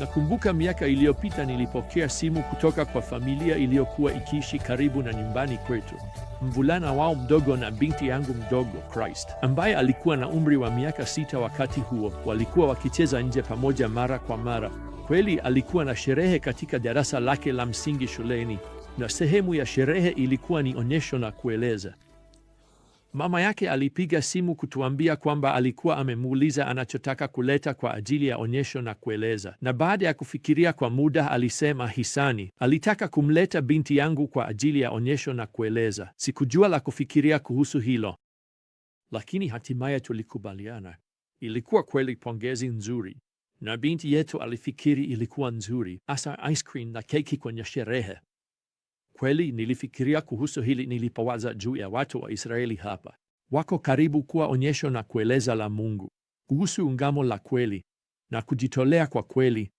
Nakumbuka miaka iliyopita nilipokea simu kutoka kwa familia iliyokuwa ikiishi karibu na nyumbani kwetu. Mvulana wao mdogo na binti yangu mdogo Christ, ambaye alikuwa na umri wa miaka sita wakati huo, walikuwa wakicheza nje pamoja mara kwa mara. Kweli alikuwa na sherehe katika darasa lake la msingi shuleni, na sehemu ya sherehe ilikuwa ni onyesho na kueleza Mama yake alipiga simu kutuambia kwamba alikuwa amemuuliza anachotaka kuleta kwa ajili ya onyesho na kueleza, na baada ya kufikiria kwa muda alisema, Hisani alitaka kumleta binti yangu kwa ajili ya onyesho na kueleza. Sikujua la kufikiria kuhusu hilo, lakini hatimaye tulikubaliana. Ilikuwa kweli pongezi nzuri, na binti yetu alifikiri ilikuwa nzuri, hasa ice cream na keki kwenye sherehe. Kweli nilifikiria kuhusu hili nilipowaza juu ya watu wa Israeli hapa. Wako karibu kuwa onyesho na kueleza la Mungu kuhusu ungamo la kweli na kujitolea kwa kweli.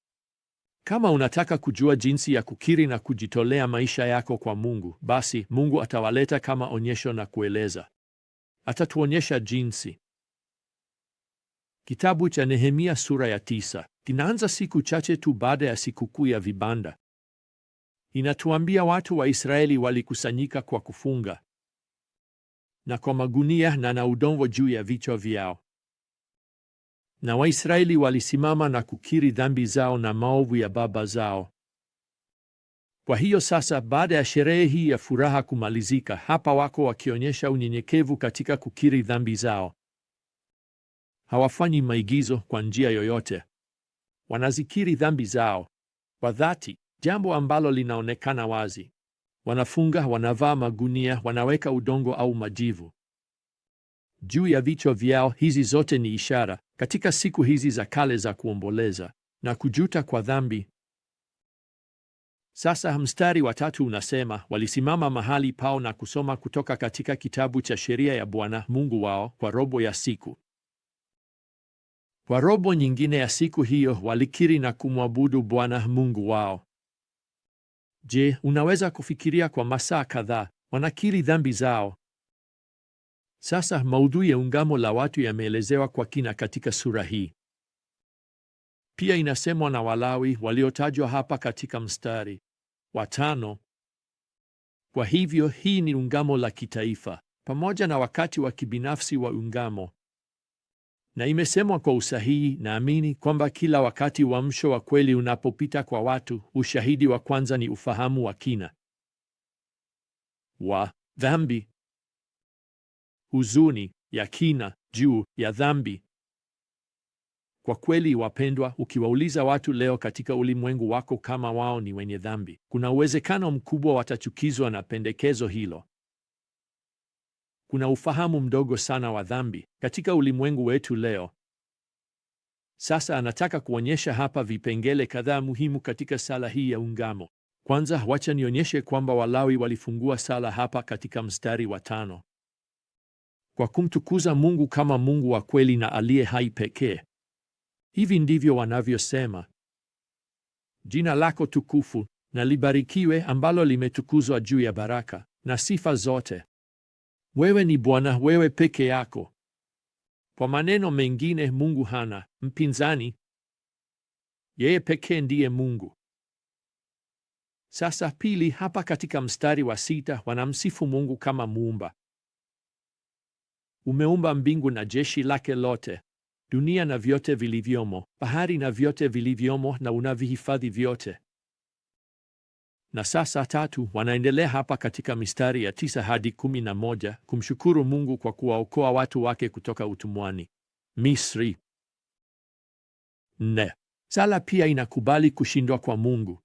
Kama unataka kujua jinsi ya kukiri na kujitolea maisha yako kwa Mungu, basi Mungu atawaleta kama onyesho na kueleza. Atatuonyesha jinsi. Kitabu cha Nehemia sura ya tisa kinaanza siku chache tu baada ya sikukuu ya vibanda inatuambia watu wa Israeli walikusanyika kwa kufunga na kwa magunia na na udongo juu ya vichwa vyao, na Waisraeli walisimama na kukiri dhambi zao na maovu ya baba zao. Kwa hiyo sasa, baada ya sherehe hii ya furaha kumalizika, hapa wako wakionyesha unyenyekevu katika kukiri dhambi zao. Hawafanyi maigizo kwa njia yoyote, wanazikiri dhambi zao kwa dhati jambo ambalo linaonekana wazi. Wanafunga, wanavaa magunia, wanaweka udongo au majivu juu ya vichwa vyao. Hizi zote ni ishara katika siku hizi za kale za kuomboleza na kujuta kwa dhambi. Sasa mstari wa tatu unasema walisimama mahali pao na kusoma kutoka katika kitabu cha sheria ya Bwana Mungu wao kwa robo ya siku. Kwa robo nyingine ya siku hiyo walikiri na kumwabudu Bwana Mungu wao. Je, unaweza kufikiria kwa masaa kadhaa? Wanakiri dhambi zao. Sasa maudhui ya ungamo la watu yameelezewa kwa kina katika sura hii. Pia inasemwa na Walawi waliotajwa hapa katika mstari wa tano. Kwa hivyo hii ni ungamo la kitaifa pamoja na wakati wa kibinafsi wa ungamo. Na imesemwa kwa usahihi, naamini kwamba kila wakati uamsho wa kweli unapopita kwa watu, ushahidi wa kwanza ni ufahamu wa kina wa dhambi, huzuni ya kina juu ya dhambi. Kwa kweli, wapendwa, ukiwauliza watu leo katika ulimwengu wako kama wao ni wenye dhambi, kuna uwezekano mkubwa watachukizwa na pendekezo hilo. Kuna ufahamu mdogo sana wa dhambi katika ulimwengu wetu leo. Sasa anataka kuonyesha hapa vipengele kadhaa muhimu katika sala hii ya ungamo. Kwanza, wacha nionyeshe kwamba Walawi walifungua sala hapa katika mstari wa tano kwa kumtukuza Mungu kama Mungu wa kweli na aliye hai pekee. Hivi ndivyo wanavyosema: jina lako tukufu na libarikiwe, ambalo limetukuzwa juu ya baraka na sifa zote, wewe ni Bwana, wewe peke yako. Kwa maneno mengine, Mungu hana mpinzani. Yeye pekee ndiye Mungu. Sasa pili, hapa katika mstari wa sita wanamsifu Mungu kama muumba. Umeumba mbingu na jeshi lake lote, dunia na vyote vilivyomo, bahari na vyote vilivyomo, na unavihifadhi vyote na sasa tatu, wanaendelea hapa katika mistari ya tisa hadi kumi na moja kumshukuru Mungu kwa kuwaokoa watu wake kutoka utumwani Misri. Ne. sala pia inakubali kushindwa kwa Mungu.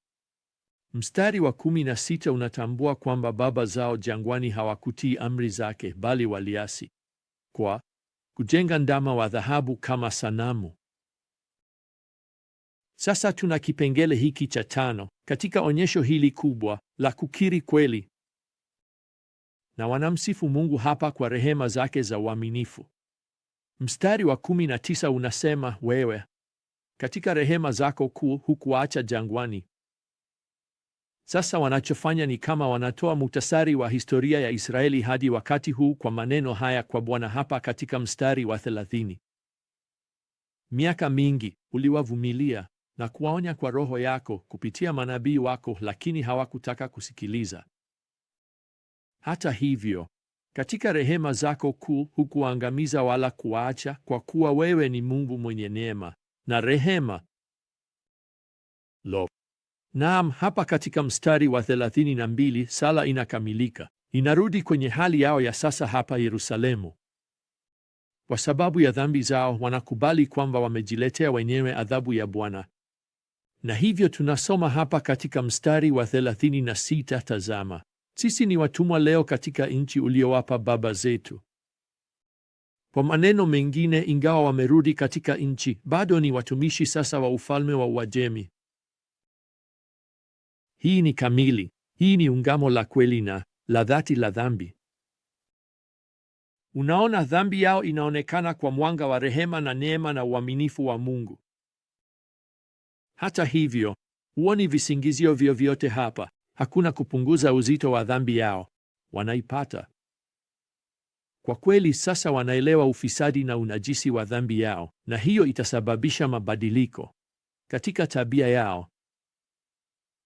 Mstari wa kumi na sita unatambua kwamba baba zao jangwani hawakutii amri zake, bali waliasi kwa kujenga ndama wa dhahabu kama sanamu. Sasa tuna kipengele hiki cha tano katika onyesho hili kubwa la kukiri kweli, na wanamsifu Mungu hapa kwa rehema zake za uaminifu. Mstari wa tisa unasema, wewe katika rehema zako kuu hukuacha jangwani. Sasa wanachofanya ni kama wanatoa muhtasari wa historia ya Israeli hadi wakati huu kwa maneno haya kwa Bwana hapa katika mstari wa 30: miaka mingi uliwavumilia na kuwaonya kwa Roho yako kupitia manabii wako, lakini hawakutaka kusikiliza. Hata hivyo, katika rehema zako kuu hukuangamiza wala kuwaacha, kwa kuwa wewe ni Mungu mwenye neema na rehema. Lo! Naam, hapa katika mstari wa 32 sala inakamilika. Inarudi kwenye hali yao ya sasa hapa Yerusalemu. Kwa sababu ya dhambi zao, wanakubali kwamba wamejiletea wenyewe adhabu ya Bwana na hivyo tunasoma hapa katika mstari wa 36, tazama, sisi ni watumwa leo katika nchi uliowapa baba zetu. Kwa maneno mengine, ingawa wamerudi katika nchi, bado ni watumishi sasa wa ufalme wa Uajemi. Hii ni kamili. Hii ni ungamo la kweli na la dhati la dhambi. Unaona, dhambi yao inaonekana kwa mwanga wa rehema na neema na uaminifu wa Mungu. Hata hivyo, huoni visingizio vyovyote hapa. Hakuna kupunguza uzito wa dhambi yao, wanaipata kwa kweli. Sasa wanaelewa ufisadi na unajisi wa dhambi yao, na hiyo itasababisha mabadiliko katika tabia yao.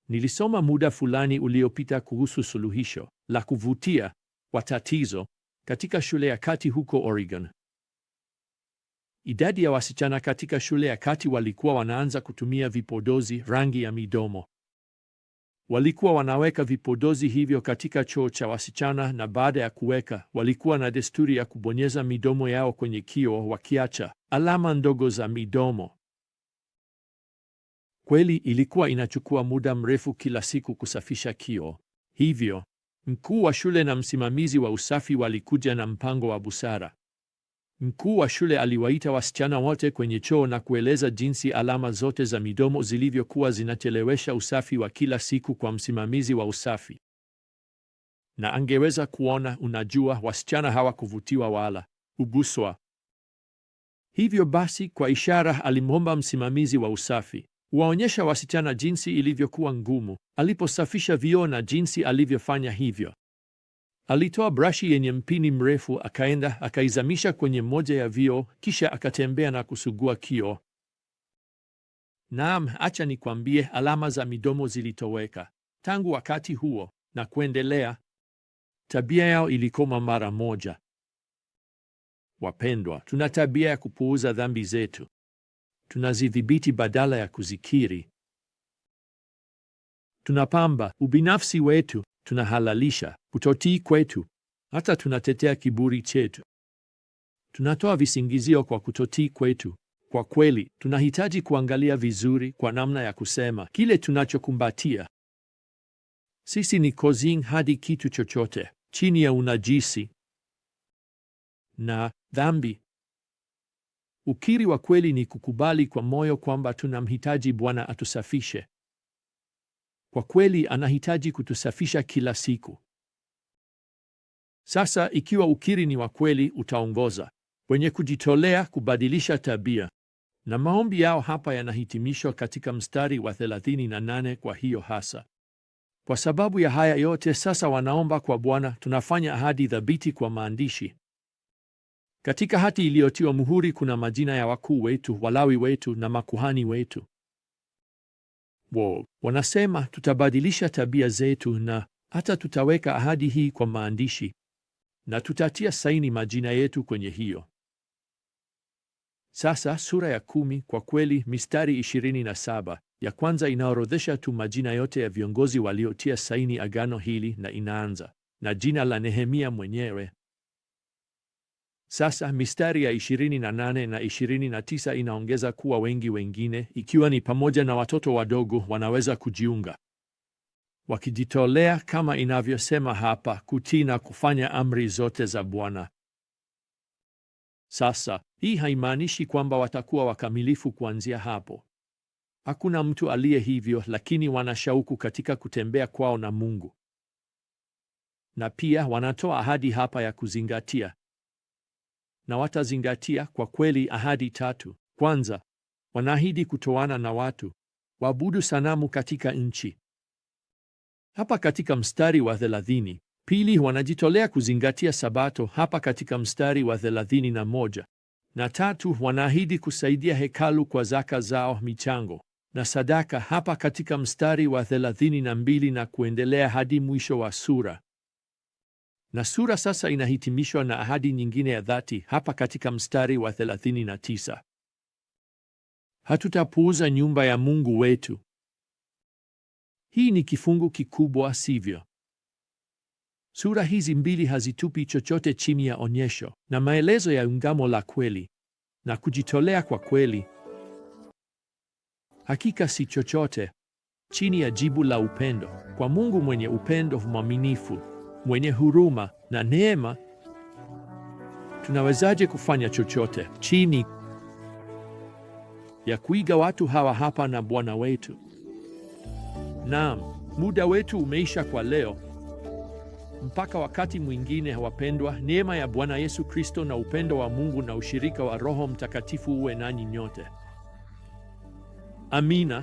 Nilisoma muda fulani uliopita kuhusu suluhisho la kuvutia kwa tatizo katika shule ya kati huko Oregon, Idadi ya wasichana katika shule ya kati walikuwa wanaanza kutumia vipodozi rangi ya midomo. Walikuwa wanaweka vipodozi hivyo katika choo cha wasichana, na baada ya kuweka, walikuwa na desturi ya kubonyeza midomo yao kwenye kioo, wakiacha alama ndogo za midomo. Kweli ilikuwa inachukua muda mrefu kila siku kusafisha kioo hivyo. Mkuu wa shule na msimamizi wa usafi walikuja na mpango wa busara. Mkuu wa shule aliwaita wasichana wote kwenye choo na kueleza jinsi alama zote za midomo zilivyokuwa zinachelewesha usafi wa kila siku kwa msimamizi wa usafi. Na angeweza kuona, unajua, wasichana hawakuvutiwa wala uguswa Hivyo basi, kwa ishara alimwomba msimamizi wa usafi waonyesha wasichana jinsi ilivyokuwa ngumu aliposafisha vioo na jinsi alivyofanya hivyo Alitoa brashi yenye mpini mrefu, akaenda akaizamisha kwenye moja ya vio, kisha akatembea na kusugua kioo. Naam, acha nikwambie, alama za midomo zilitoweka tangu wakati huo na kuendelea. Tabia yao ilikoma mara moja. Wapendwa, tuna tabia ya kupuuza dhambi zetu, tunazidhibiti badala ya kuzikiri. Tunapamba ubinafsi wetu, tunahalalisha kutotii kwetu, hata tunatetea kiburi chetu, tunatoa visingizio kwa kutotii kwetu. Kwa kweli, tunahitaji kuangalia vizuri kwa namna ya kusema kile tunachokumbatia. Sisi ni kozing hadi kitu chochote chini ya unajisi na dhambi. Ukiri wa kweli ni kukubali kwa moyo kwamba tunamhitaji Bwana atusafishe. Kwa kweli anahitaji kutusafisha kila siku. Sasa ikiwa ukiri ni wa kweli, utaongoza wenye kujitolea kubadilisha tabia. Na maombi yao hapa yanahitimishwa katika mstari wa 38. Kwa hiyo hasa kwa sababu ya haya yote sasa wanaomba kwa Bwana, tunafanya ahadi thabiti kwa maandishi. Katika hati iliyotiwa muhuri kuna majina ya wakuu wetu, Walawi wetu na makuhani wetu. Wow. Wanasema tutabadilisha tabia zetu na hata tutaweka ahadi hii kwa maandishi na tutatia saini majina yetu kwenye hiyo. Sasa sura ya kumi kwa kweli, mistari 27 ya kwanza inaorodhesha tu majina yote ya viongozi waliotia saini agano hili na inaanza na jina la Nehemia mwenyewe. Sasa mistari ya 28 na 29 inaongeza kuwa wengi wengine, ikiwa ni pamoja na watoto wadogo, wanaweza kujiunga wakijitolea kama inavyosema hapa, kutii na kufanya amri zote za Bwana. Sasa hii haimaanishi kwamba watakuwa wakamilifu kuanzia hapo. Hakuna mtu aliye hivyo, lakini wanashauku katika kutembea kwao na Mungu, na pia wanatoa ahadi hapa ya kuzingatia, na watazingatia kwa kweli ahadi tatu. Kwanza, wanaahidi kutoana na watu waabudu sanamu katika nchi hapa katika mstari wa thelathini pili wanajitolea kuzingatia Sabato. Hapa katika mstari wa thelathini na moja na tatu wanaahidi kusaidia hekalu kwa zaka zao, michango na sadaka, hapa katika mstari wa thelathini na mbili na kuendelea hadi mwisho wa sura. Na sura sasa inahitimishwa na ahadi nyingine ya dhati hapa katika mstari wa 39: hatutapuuza nyumba ya Mungu wetu. Hii ni kifungu kikubwa, sivyo? Sura hizi mbili hazitupi chochote chini ya onyesho na maelezo ya ungamo la kweli na kujitolea kwa kweli. Hakika si chochote chini ya jibu la upendo kwa Mungu mwenye upendo mwaminifu, mwenye huruma na neema. Tunawezaje kufanya chochote chini ya kuiga watu hawa hapa na Bwana wetu? Naam, muda wetu umeisha kwa leo. Mpaka wakati mwingine, wapendwa, neema ya Bwana Yesu Kristo na upendo wa Mungu na ushirika wa Roho Mtakatifu uwe nanyi nyote. Amina.